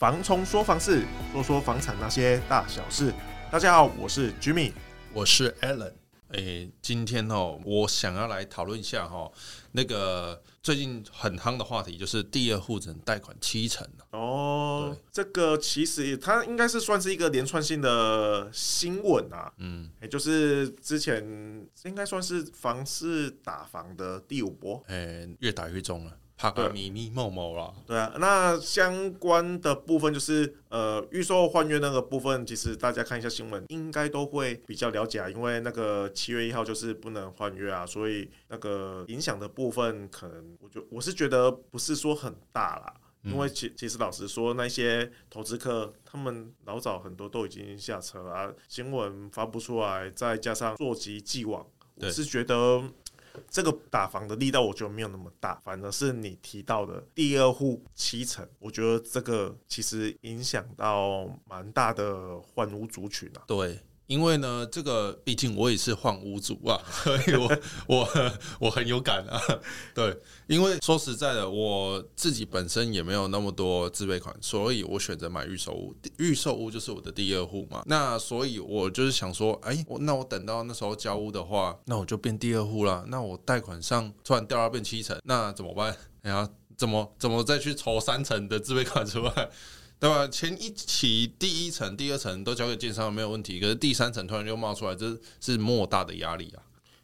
房冲說房事，說說房產那些大小事。大家好，我是 Jimmy，我是 Allen。今天哦，我想要來討論一下哈、哦，那個最近很夯的話題，就是第二戶只能貸款七成、啊、哦，對這個其實它應該是算是一個連串性的新聞啊。嗯，也就是之前應該算是房市打房的第五波，誒越打越重了、啊。怕個咪咪、某某了，對啊，那相關的部分就是呃預售換約那個部分，其實大家看一下新聞，應該都會比較了解啊。因為那個七月一號就是不能換約啊，所以那個影響的部分，可能我就我是覺得不是說很大啦，嗯、因為其其實老實說，那些投資客他們老早很多都已經下車了、啊，新聞發布出來，再加上溯及既往，我是覺得。這個打房的力道，我覺得沒有那麼大。反而是你提到的第二戶七成，我覺得這個其實影響到蠻大的換屋族群啊。對。因為呢，這個畢竟我也是換屋主啊，所以我我我很有感啊。對，因為說實在的，我自己本身也沒有那麼多自備款，所以我選擇買預售屋。預售屋就是我的第二戶嘛。那所以，我就是想說，哎，我那我等到那時候交屋的話，那我就變第二戶啦。那我貸款上突然掉到變七成，那怎麼辦？哎呀，怎麼怎麼再去籌三成的自備款出來？對吧？前一期第一層、第二層都交給建商沒有問題，可是第三層突然又冒出來，這是莫大的壓力啊！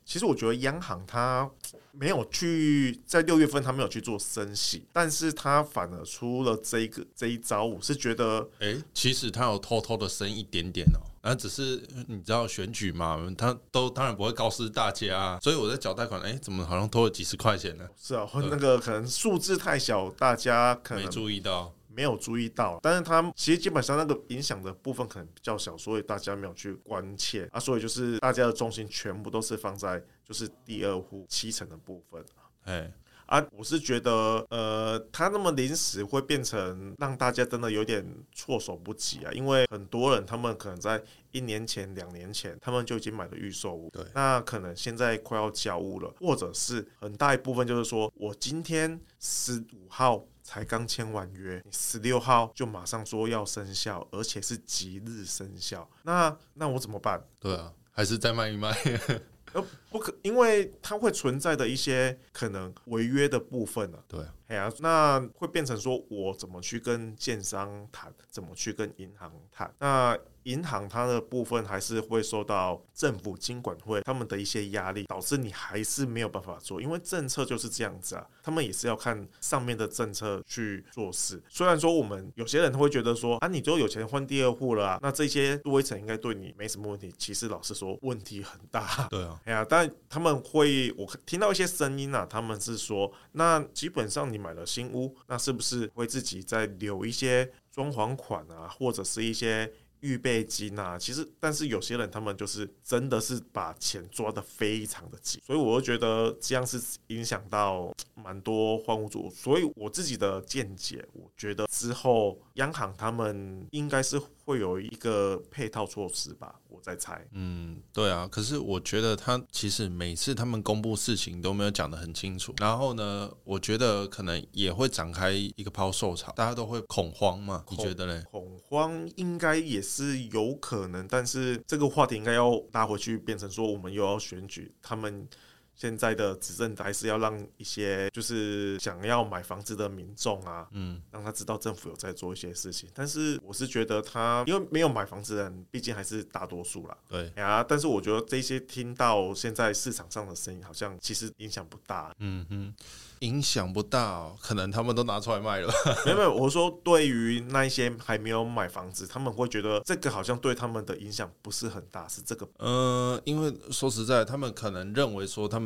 其實我覺得央行它沒有去在六月份，它沒有去做升息，但是它反而出了這一個這一招。我是覺得，哎、欸，其實它有偷偷的升一點點哦、喔，那、啊、只是你知道選舉嘛，它都當然不會告訴大家、啊，所以我在繳貸款，哎、欸，怎麼好像多了幾十塊錢呢？是啊，那個可能數字太小，大家可能沒注意到。沒有注意到，但是他其實基本上那個影響的部分可能比較小，所以大家沒有去關切啊，所以就是大家的重心全部都是放在就是第二戶七成的部分誒，嘿啊，我是覺得呃，他那麼臨時會變成讓大家真的有點措手不及啊，因為很多人他們可能在一年前、兩年前他們就已經買了預售屋，對，那可能現在快要交屋了，或者是很大一部分就是說我今天十五號。才剛簽完約，十六號就馬上說要生效，而且是即日生效。那那我怎麼辦？對啊，還是再賣一賣 呃，不可，因為它會存在的一些可能違約的部分呢啊。對啊。哎呀、啊，那會變成說我怎麼去跟建商談，怎麼去跟銀行談？那銀行它的部分還是會受到政府金管會他們的一些壓力，導致你還是沒有辦法做，因為政策就是這樣子啊。他們也是要看上面的政策去做事。雖然說我們有些人會覺得說啊，你就有錢換第二戶了、啊，那這些微層應該對你沒什麼問題。其實老實說，問題很大。對啊，呀、啊，但他們會，我聽到一些聲音啊，他們是說，那基本上你。買了新屋，那是不是為自己再留一些裝潢款啊，或者是一些預備金啊？其實，但是有些人他們就是真的是把錢抓得非常的緊，所以我就覺得這樣是影響到蠻多換屋族。所以我自己的見解，我覺得之後央行他們應該是。會有一個配套措施吧，我在猜。嗯，對啊，可是我覺得他其實每次他們公布事情都沒有講得很清楚。然後呢，我覺得可能也會展開一個拋售潮，大家都會恐慌嘛？恐你覺得嘞，恐慌應該也是有可能，但是這個話題應該要拉回去，變成說我們又要選舉，他們。現在的執政的還是要讓一些就是想要買房子的民眾啊，嗯，讓他知道政府有在做一些事情。但是我是覺得他因為沒有買房子的人畢竟還是大多數啦，對啊。但是我覺得這些聽到現在市場上的聲音，好像其實影響不大啊。嗯哼，影響不大哦，可能他們都拿出來賣了。呵呵沒有沒有，我說對於那一些還沒有買房子，他們會覺得這個好像對他們的影響不是很大。是這個，嗯，呃，因為說實在，他們可能認為說他們。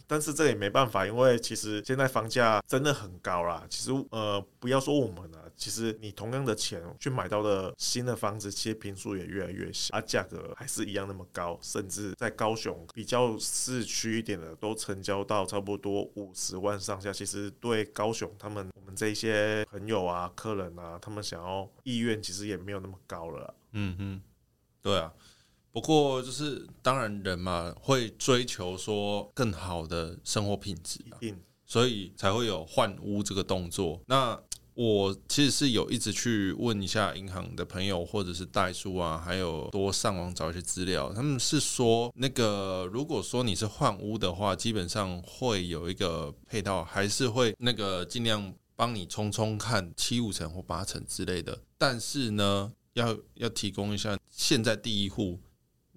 但是這也沒辦法，因為其實現在房價真的很高啦。其實，呃，不要說我們了，其實你同樣的錢去買到的新的房子，其實坪數也越來越小，而、啊、價格還是一樣那麼高。甚至在高雄比較市區一點的，都成交到差不多五十萬上下。其實對高雄他們我們這些朋友啊、客人啊，他們想要意願其實也沒有那麼高了。嗯嗯，對啊。不過就是當然人嘛，會追求說更好的生活品質吧，所以才會有換屋這個動作。那我其實是有一直去問一下銀行的朋友或者是代書啊，還有多上網找一些資料。他們是說，那個如果說你是換屋的話，基本上會有一個配套，還是會那個盡量幫你衝衝看七五成或八成之類的。但是呢，要要提供一下現在第一戶。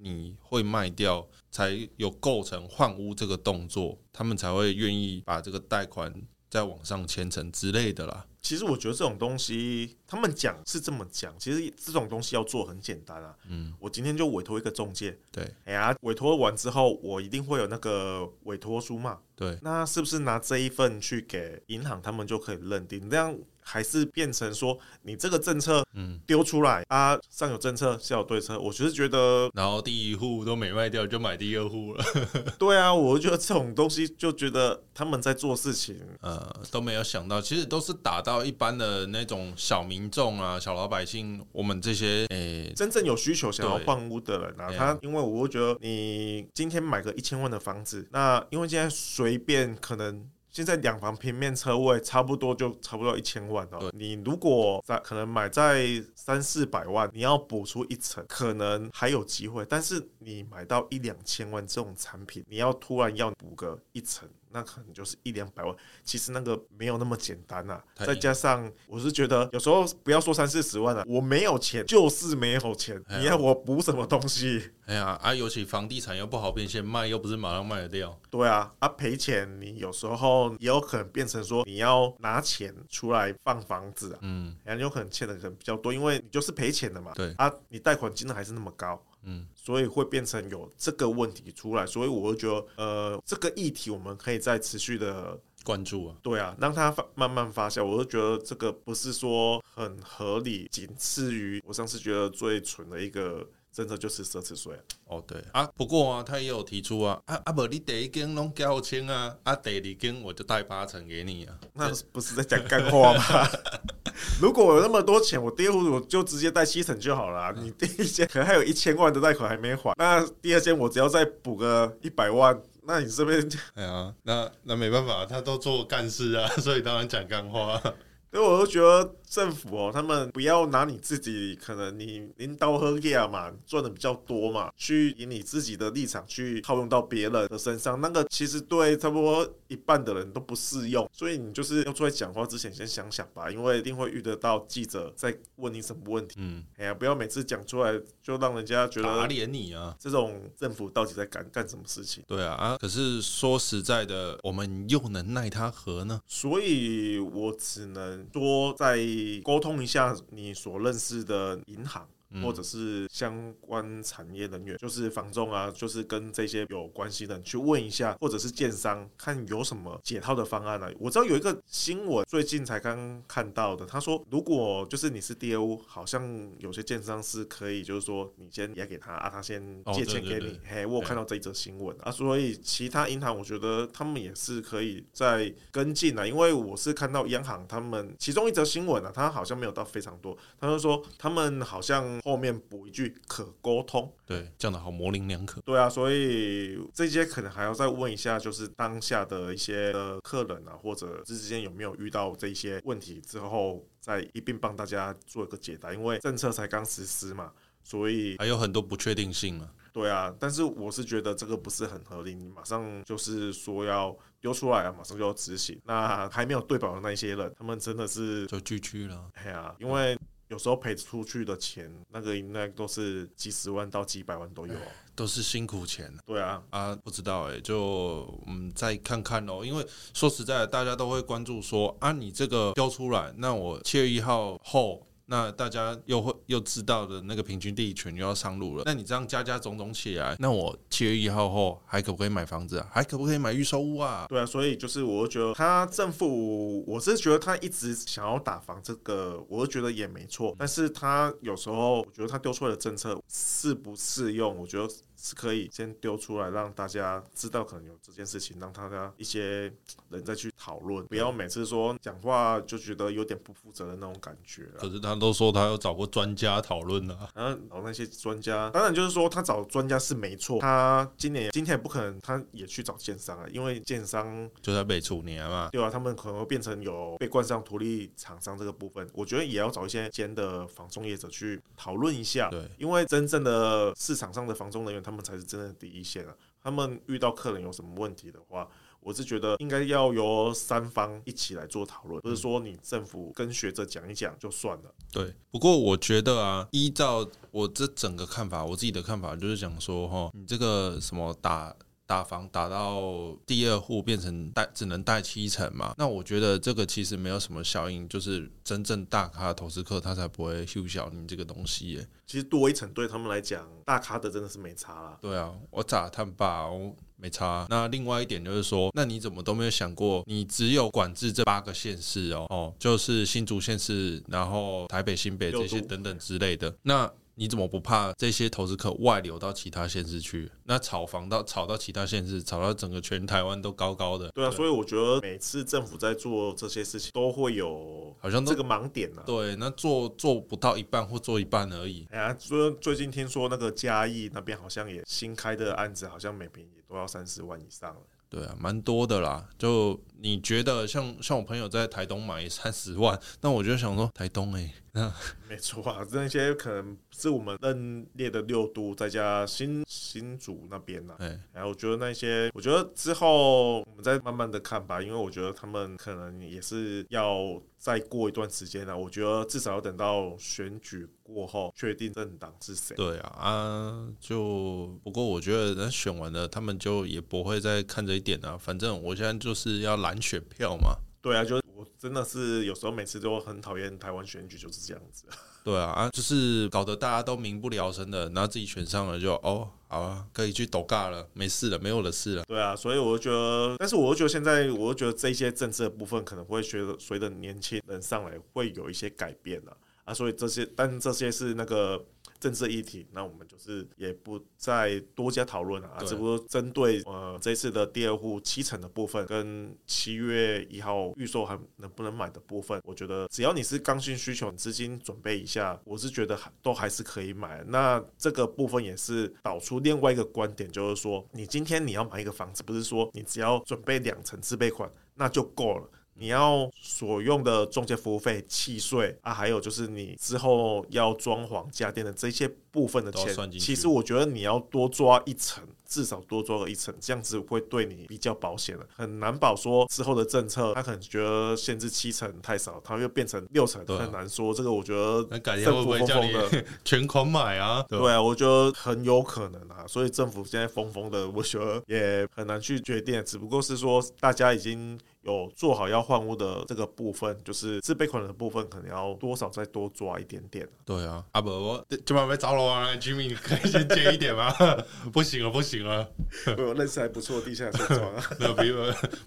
你會賣掉，才有構成換屋這個動作，他們才會願意把這個貸款再往上簽成之類的了。其實我覺得這種東西，他們講是這麼講。其實這種東西要做很簡單啊。嗯，我今天就委託一個仲介。對，哎呀，委託完之後，我一定會有那個委託書嘛。對，那是不是拿這一份去給銀行，他們就可以認定？這樣還是變成說，你這個政策嗯丟出來、嗯、啊，上有政策，下有對策。我就是覺得，然後第一戶都沒賣掉，就買第二戶了。 對啊，我覺得這種東西就覺得他們在做事情，呃，都沒有想到，其實都是打到。到一般的那種小民眾啊，小老百姓，我們這些誒，欸、真正有需求想要換屋的人，啊，對他，因為我會覺得你今天買個一千萬的房子，那因為今天隨便可能現在兩房平面車位差不多就差不多一千萬哦、喔，對你如果在可能買在三四百萬，你要補出一層，可能還有機會，但是你買到一兩千萬這種產品，你要突然要補個一層。那可能就是一兩百萬，其實那個沒有那麼簡單吶、啊。再加上，我是覺得有時候不要說三四十萬了、啊，我沒有錢，就是沒有錢。哎呀，你要我補什麼東西？哎呀，啊，尤其房地產又不好變現，賣又不是馬上賣得掉。對啊，啊，賠錢，你有時候也有可能變成說你要拿錢出來放房子、啊，嗯，很、啊、有可能欠的人比較多，因為你就是賠錢的嘛。對啊，你貸款金額還是那麼高。嗯，所以會變成有這個問題出來，所以我會覺得，呃，這個議題我們可以再持續的關注啊。對啊，讓它發慢慢發酵，我就覺得這個不是說很合理，僅次於我上次覺得最蠢的一個政策就是奢侈稅。哦，對啊，不過啊，他也有提出啊，阿阿伯你第一間弄交清啊，阿、啊、第二間、啊啊、我就貸八成給你啊，對那不是在講幹話嗎？ 如果我有那麼多錢，我第二戶我就直接貸七成就好了。嗯、你第一間可能還有一千萬的貸款還沒還，那第二間我只要再補個一百萬，那你這邊哎呀，那那沒辦法，他都做幹事啊，所以當然講幹話。 所以我都覺得。政府哦，他們不要拿你自己，可能你領導和啊嘛賺的比較多嘛，去以你自己的立場去套用到別人的身上，那個其實對差不多一半的人都不適用。所以你就是要出來講話之前先想想吧，因為一定會遇得到記者在問你什麼問題。嗯，哎呀、啊，不要每次講出來就讓人家覺得打臉你啊！這種政府到底在幹幹什麼事情？對啊，啊，可是說實在的，我們又能奈他何呢？所以我只能說在。你溝通一下你所認識的銀行。或者是相關產業人員，就是房仲啊，就是跟這些有關係的你去問一下，或者是建商看有什麼解套的方案啊。我知道有一個新聞最近才剛看到的，他說如果就是你是 DO，好像有些建商是可以，就是說你先押給他啊，他先借錢給你。嘿，我有看到這一則新聞啊，啊，所以其他銀行我覺得他們也是可以再跟進來啊，因為我是看到央行他們其中一則新聞啊，他好像沒有到非常多，他就說他們好像。後面補一句可溝通，對，這樣的好模稜兩可。對啊，所以這些可能還要再問一下，就是當下的一些的客人啊，或者之間有沒有遇到這些問題，之後再一併幫大家做一個解答。因為政策才剛實施嘛，所以還有很多不確定性嘛。對啊，但是我是覺得這個不是很合理，你馬上就是說要丟出來啊，馬上就要執行，那還沒有對保的那些人，他們真的是就拒拒了。對啊，因為。有時候賠出去的錢，那個應該都是幾十萬到幾百萬都有，哎、都是辛苦錢。對啊，啊，不知道哎、欸，就嗯再看看咯。因為說實在的，大家都會關注說啊，你這個標出來，那我七月一號後，那大家又會又知道的那個平均地權又要上路了，那你這樣加加總總起來，那我七月一號後還可不可以買房子啊？還可不可以買預售屋啊？對啊，所以就是我就覺得他政府，我是覺得他一直想要打房這個，我就覺得也沒錯，但是他有時候我覺得他丟出來的政策適不適用，我覺得。是可以先丟出來讓大家知道，可能有這件事情，讓大家一些人再去討論，不要每次說講話就覺得有點不負責的那種感覺。可是他都說他有找過專家討論了，然後、啊、找那些專家，當然就是說他找專家是沒錯。他今年今天也不可能，他也去找建商啊，因為建商就在被處理啊嘛，對啊，他們可能會變成有被冠上圖利廠商這個部分。我覺得也要找一些間的房仲業者去討論一下，對，因為真正的市場上的房仲人員，他們。他們才是真的第一線啊！他們遇到客人有什麼問題的話，我是覺得應該要由三方一起來做討論，不是說你政府跟學者講一講就算了。對，不過我覺得啊，依照我這整個看法，我自己的看法就是講說哈，你這個什麼打。打房打到第二戶變成貸，只能貸七成嘛。那我覺得這個其實沒有什麼效應，就是真正大咖的投資客他才不會修小你這個東西耶。其實多一層對他們來講，大咖的真的是沒差啦。對啊，我咋看吧，我沒差啊。那另外一點就是說，那你怎麼都沒有想過，你只有管制這八個縣市哦哦，就是新竹縣市，然後台北新北這些等等之類的。那你怎麼不怕這些投資客外流到其他縣市去？那炒房到炒到其他縣市，炒到整個全台灣都高高的？對，對啊，所以我覺得每次政府在做這些事情，都會有好像這個盲點呢、啊。對，那做做不到一半或做一半而已。哎呀、啊，所以最最近聽說那個嘉義那邊好像也新開的案子，好像每坪也都要三十萬以上了。對啊，蠻多的啦，就。你覺得像像我朋友在台東買三十萬，那我就想說台東哎、欸，那沒錯啊，那些可能是我們認列的六都再加新新竹那邊吶、啊。哎，然後、啊、我覺得那些，我覺得之後我們再慢慢的看吧，因為我覺得他們可能也是要再過一段時間了、啊。我覺得至少要等到選舉過後確定政黨是誰。對啊，啊，就不過我覺得那選完了，他們就也不會再看這一點了、啊。反正我現在就是要來。選票嘛，對啊，就是我真的是有時候每次都很討厭台灣選舉，就是這樣子。對啊，啊，就是搞得大家都民不聊生的，然後自己選上了就哦，好啊，可以去抖尬了，沒事了，沒有的事了。對啊，所以我就覺得，但是我就覺得現在，我就覺得這些政治的部分可能會隨着隨着年輕人上來，會有一些改變的啊。啊，所以這些，但這些是那個政治議題，那我們就是也不再多加討論了啊。對只不過針對呃這一次的第二戶七成的部分跟七月一號預售還能不能買的部分，我覺得只要你是剛性需求，資金準備一下，我是覺得都還是可以買。那這個部分也是導出另外一個觀點，就是說你今天你要買一個房子，不是說你只要準備兩成自備款那就夠了。你要所用的中介服務費、契稅啊，還有就是你之後要裝潢、家電的這些部分的錢，其實我覺得你要多抓一成。至少多做了一層，這樣子會對你比較保險了。很難保說之後的政策，他可能覺得限制七成太少，他又變成六成，很、啊、難說。這個我覺得，很感謝政府瘋瘋的裡全款買啊，對啊，我覺得很有可能啊。所以政府現在瘋瘋的，我覺得也很難去決定。只不過是說，大家已經有做好要換屋的這個部分，就是自備款的部分，可能要多少再多抓一點點。對啊，阿、啊、不今晚被着了啊，Jimmy，你可以先借一點嗎？ 不行啊，不行。啊， 我認識還不錯，地下車場。那不，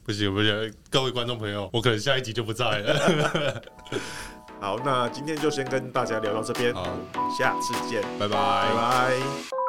不行不行，不行，各位觀眾朋友，我可能下一集就不在了。 好，那今天就先跟大家聊到這邊，好，下次見，拜拜 bye，拜拜。